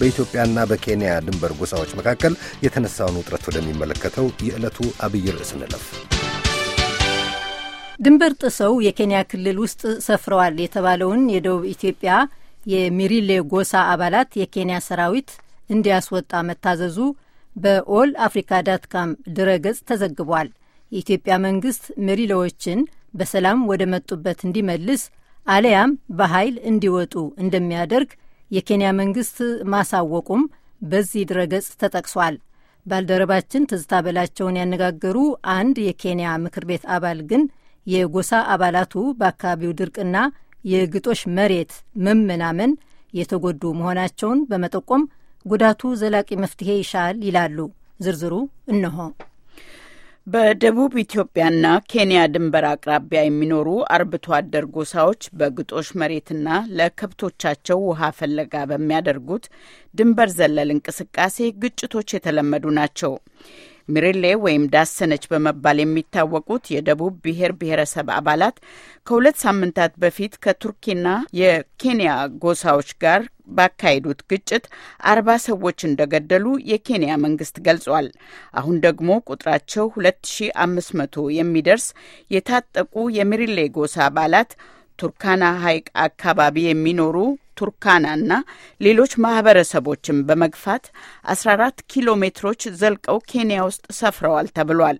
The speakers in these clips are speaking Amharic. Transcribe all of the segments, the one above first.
በኢትዮጵያና በኬንያ ድንበር ጎሳዎች መካከል የተነሳውን ውጥረት ወደሚመለከተው የዕለቱ አብይ ርዕስ እንለፍ። ድንበር ጥሰው የኬንያ ክልል ውስጥ ሰፍረዋል የተባለውን የደቡብ ኢትዮጵያ የሚሪሌ ጎሳ አባላት የኬንያ ሰራዊት እንዲያስወጣ መታዘዙ በኦል አፍሪካ ዳትካም ድረገጽ ተዘግቧል። የኢትዮጵያ መንግስት ሚሪሌዎችን በሰላም ወደ መጡበት እንዲመልስ አለያም በኃይል እንዲወጡ እንደሚያደርግ የኬንያ መንግስት ማሳወቁም በዚህ ድረገጽ ተጠቅሷል። ባልደረባችን ትዝታ በላቸውን ያነጋገሩ አንድ የኬንያ ምክር ቤት አባል ግን የጎሳ አባላቱ በአካባቢው ድርቅና የግጦሽ መሬት መመናመን የተጎዱ መሆናቸውን በመጠቆም ጉዳቱ ዘላቂ መፍትሄ ይሻል ይላሉ። ዝርዝሩ እነሆ። በደቡብ ኢትዮጵያና ኬንያ ድንበር አቅራቢያ የሚኖሩ አርብቶ አደር ጎሳዎች በግጦሽ መሬትና ለከብቶቻቸው ውሃ ፍለጋ በሚያደርጉት ድንበር ዘለል እንቅስቃሴ ግጭቶች የተለመዱ ናቸው። ሚሬሌ ወይም ዳሰነች በመባል የሚታወቁት የደቡብ ብሔር ብሔረሰብ አባላት ከሁለት ሳምንታት በፊት ከቱርኪና የኬንያ ጎሳዎች ጋር ባካሄዱት ግጭት አርባ ሰዎች እንደገደሉ የኬንያ መንግስት ገልጿል። አሁን ደግሞ ቁጥራቸው ሁለት ሺ አምስት መቶ የሚደርስ የታጠቁ የሚሪሌ ጎሳ አባላት ቱርካና ሐይቅ አካባቢ የሚኖሩ ቱርካናና ሌሎች ማህበረሰቦችን በመግፋት 14 ኪሎ ሜትሮች ዘልቀው ኬንያ ውስጥ ሰፍረዋል ተብሏል።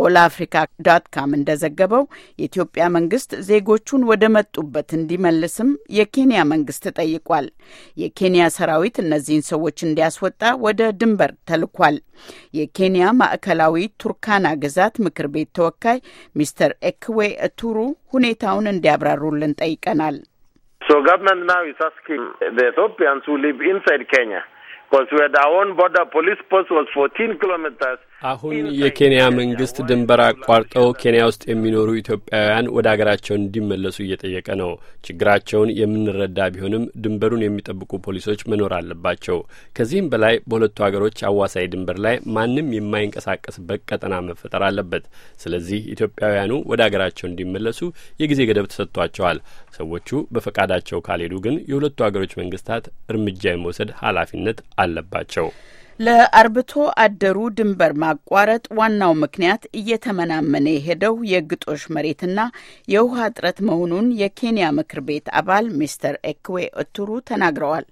ኦል አፍሪካ ዳት ካም እንደዘገበው የኢትዮጵያ መንግስት ዜጎቹን ወደ መጡበት እንዲመልስም የኬንያ መንግስት ጠይቋል። የኬንያ ሰራዊት እነዚህን ሰዎች እንዲያስወጣ ወደ ድንበር ተልኳል። የኬንያ ማዕከላዊ ቱርካና ግዛት ምክር ቤት ተወካይ ሚስተር ኤክዌ እቱሩ ሁኔታውን እንዲያብራሩልን ጠይቀናል። So government now is asking the Ethiopians who live inside Kenya, because we had our own border police post was 14 kilometers አሁን የኬንያ መንግስት ድንበር አቋርጠው ኬንያ ውስጥ የሚኖሩ ኢትዮጵያውያን ወደ አገራቸው እንዲመለሱ እየጠየቀ ነው። ችግራቸውን የምንረዳ ቢሆንም ድንበሩን የሚጠብቁ ፖሊሶች መኖር አለባቸው። ከዚህም በላይ በሁለቱ አገሮች አዋሳኝ ድንበር ላይ ማንም የማይንቀሳቀስበት ቀጠና መፈጠር አለበት። ስለዚህ ኢትዮጵያውያኑ ወደ አገራቸው እንዲመለሱ የጊዜ ገደብ ተሰጥቷቸዋል። ሰዎቹ በፈቃዳቸው ካልሄዱ ግን የሁለቱ አገሮች መንግስታት እርምጃ የመውሰድ ኃላፊነት አለባቸው። ለአርብቶ አደሩ ድንበር ማቋረጥ ዋናው ምክንያት እየተመናመነ የሄደው የግጦሽ መሬትና የውሃ እጥረት መሆኑን የኬንያ ምክር ቤት አባል ሚስተር ኤክዌ እቱሩ ተናግረዋል።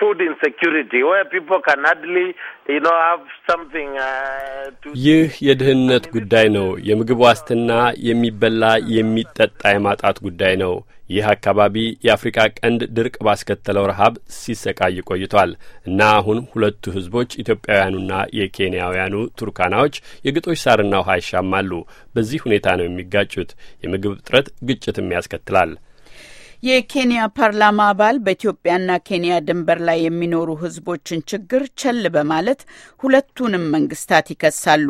food insecurity where people can hardly you know have something uh, to ይህ የድህነት ጉዳይ ነው። የምግብ ዋስትና የሚበላ የሚጠጣ የማጣት ጉዳይ ነው። ይህ አካባቢ የአፍሪካ ቀንድ ድርቅ ባስከተለው ረሃብ ሲሰቃይ ቆይቷል እና አሁን ሁለቱ ህዝቦች ኢትዮጵያውያኑና የኬንያውያኑ ቱርካናዎች የግጦሽ ሳርና ውሃ ይሻማሉ። በዚህ ሁኔታ ነው የሚጋጩት። የምግብ እጥረት ግጭትም ያስከትላል። የኬንያ ፓርላማ አባል በኢትዮጵያና ኬንያ ድንበር ላይ የሚኖሩ ሕዝቦችን ችግር ቸል በማለት ሁለቱንም መንግስታት ይከሳሉ።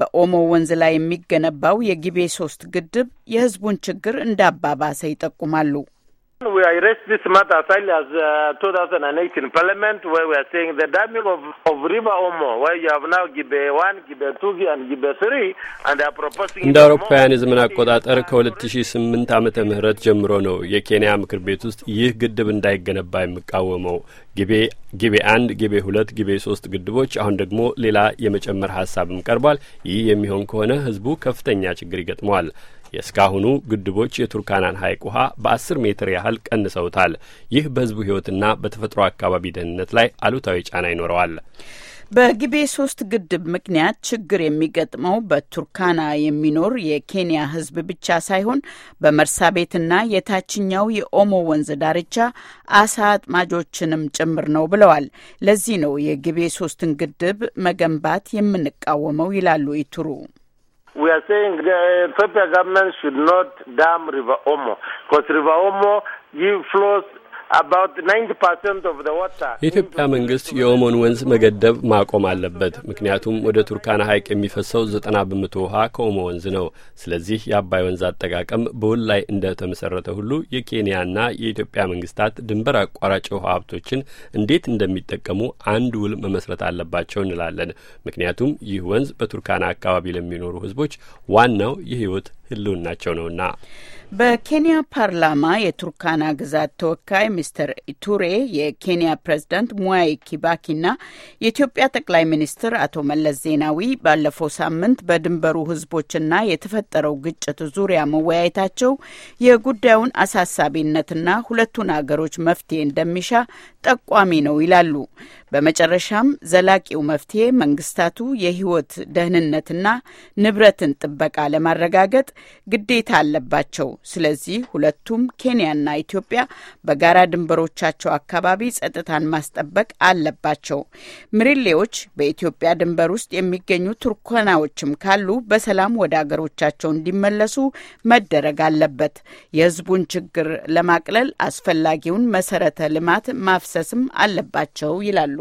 በኦሞ ወንዝ ላይ የሚገነባው የጊቤ ሶስት ግድብ የሕዝቡን ችግር እንዳባባሰ ይጠቁማሉ። We raised this matter as early as uh, 2018 Parliament, where we are saying the damming of, of River Omo, where you have now Gibe 1, Gibe 2 and Gibe 3, and they are proposing... እንደ አውሮፓውያን የዘመን አቆጣጠር ከ2008 ዓመተ ምህረት ጀምሮ ነው የኬንያ ምክር ቤት ውስጥ ይህ ግድብ እንዳይገነባ የሚቃወመው። ጊቤ አንድ ጊቤ ሁለት ጊቤ ሶስት ግድቦች አሁን ደግሞ ሌላ የመጨመር ሀሳብም ቀርቧል። ይህ የሚሆን ከሆነ ህዝቡ ከፍተኛ ችግር ይገጥመዋል። የእስካሁኑ ግድቦች የቱርካናን ሐይቅ ውሃ በአስር ሜትር ያህል ቀንሰውታል። ይህ በሕዝቡ ሕይወትና በተፈጥሮ አካባቢ ደህንነት ላይ አሉታዊ ጫና ይኖረዋል። በጊቤ ሶስት ግድብ ምክንያት ችግር የሚገጥመው በቱርካና የሚኖር የኬንያ ህዝብ ብቻ ሳይሆን በመርሳ ቤትና የታችኛው የኦሞ ወንዝ ዳርቻ አሳ አጥማጆችንም ጭምር ነው ብለዋል። ለዚህ ነው የግቤ ሶስትን ግድብ መገንባት የምንቃወመው ይላሉ ኢቱሩ። we are saying the uh, federal government should not dam River Omo because River Omo flows የኢትዮጵያ መንግስት የኦሞን ወንዝ መገደብ ማቆም አለበት። ምክንያቱም ወደ ቱርካና ሐይቅ የሚፈሰው ዘጠና በመቶ ውሃ ከኦሞ ወንዝ ነው። ስለዚህ የአባይ ወንዝ አጠቃቀም በውል ላይ እንደ ተመሰረተ ሁሉ የኬንያና የኢትዮጵያ መንግስታት ድንበር አቋራጭ ውሃ ሀብቶችን እንዴት እንደሚጠቀሙ አንድ ውል መመስረት አለባቸው እንላለን። ምክንያቱም ይህ ወንዝ በቱርካና አካባቢ ለሚኖሩ ህዝቦች ዋናው የህይወት ህልውናቸው ነውና። በኬንያ ፓርላማ የቱርካና ግዛት ተወካይ ሚስተር ኢቱሬ የኬንያ ፕሬዝዳንት ሙዋይ ኪባኪና የኢትዮጵያ ጠቅላይ ሚኒስትር አቶ መለስ ዜናዊ ባለፈው ሳምንት በድንበሩ ህዝቦችና የተፈጠረው ግጭት ዙሪያ መወያየታቸው የጉዳዩን አሳሳቢነትና ሁለቱን አገሮች መፍትሄ እንደሚሻ ጠቋሚ ነው ይላሉ። በመጨረሻም ዘላቂው መፍትሄ መንግስታቱ የህይወት ደህንነትና ንብረትን ጥበቃ ለማረጋገጥ ግዴታ አለባቸው። ስለዚህ ሁለቱም ኬንያና ኢትዮጵያ በጋራ ድንበሮቻቸው አካባቢ ጸጥታን ማስጠበቅ አለባቸው። ምሪሌዎች በኢትዮጵያ ድንበር ውስጥ የሚገኙ ቱርኮናዎችም ካሉ በሰላም ወደ አገሮቻቸው እንዲመለሱ መደረግ አለበት። የህዝቡን ችግር ለማቅለል አስፈላጊውን መሰረተ ልማት ማፍሰስም አለባቸው ይላሉ።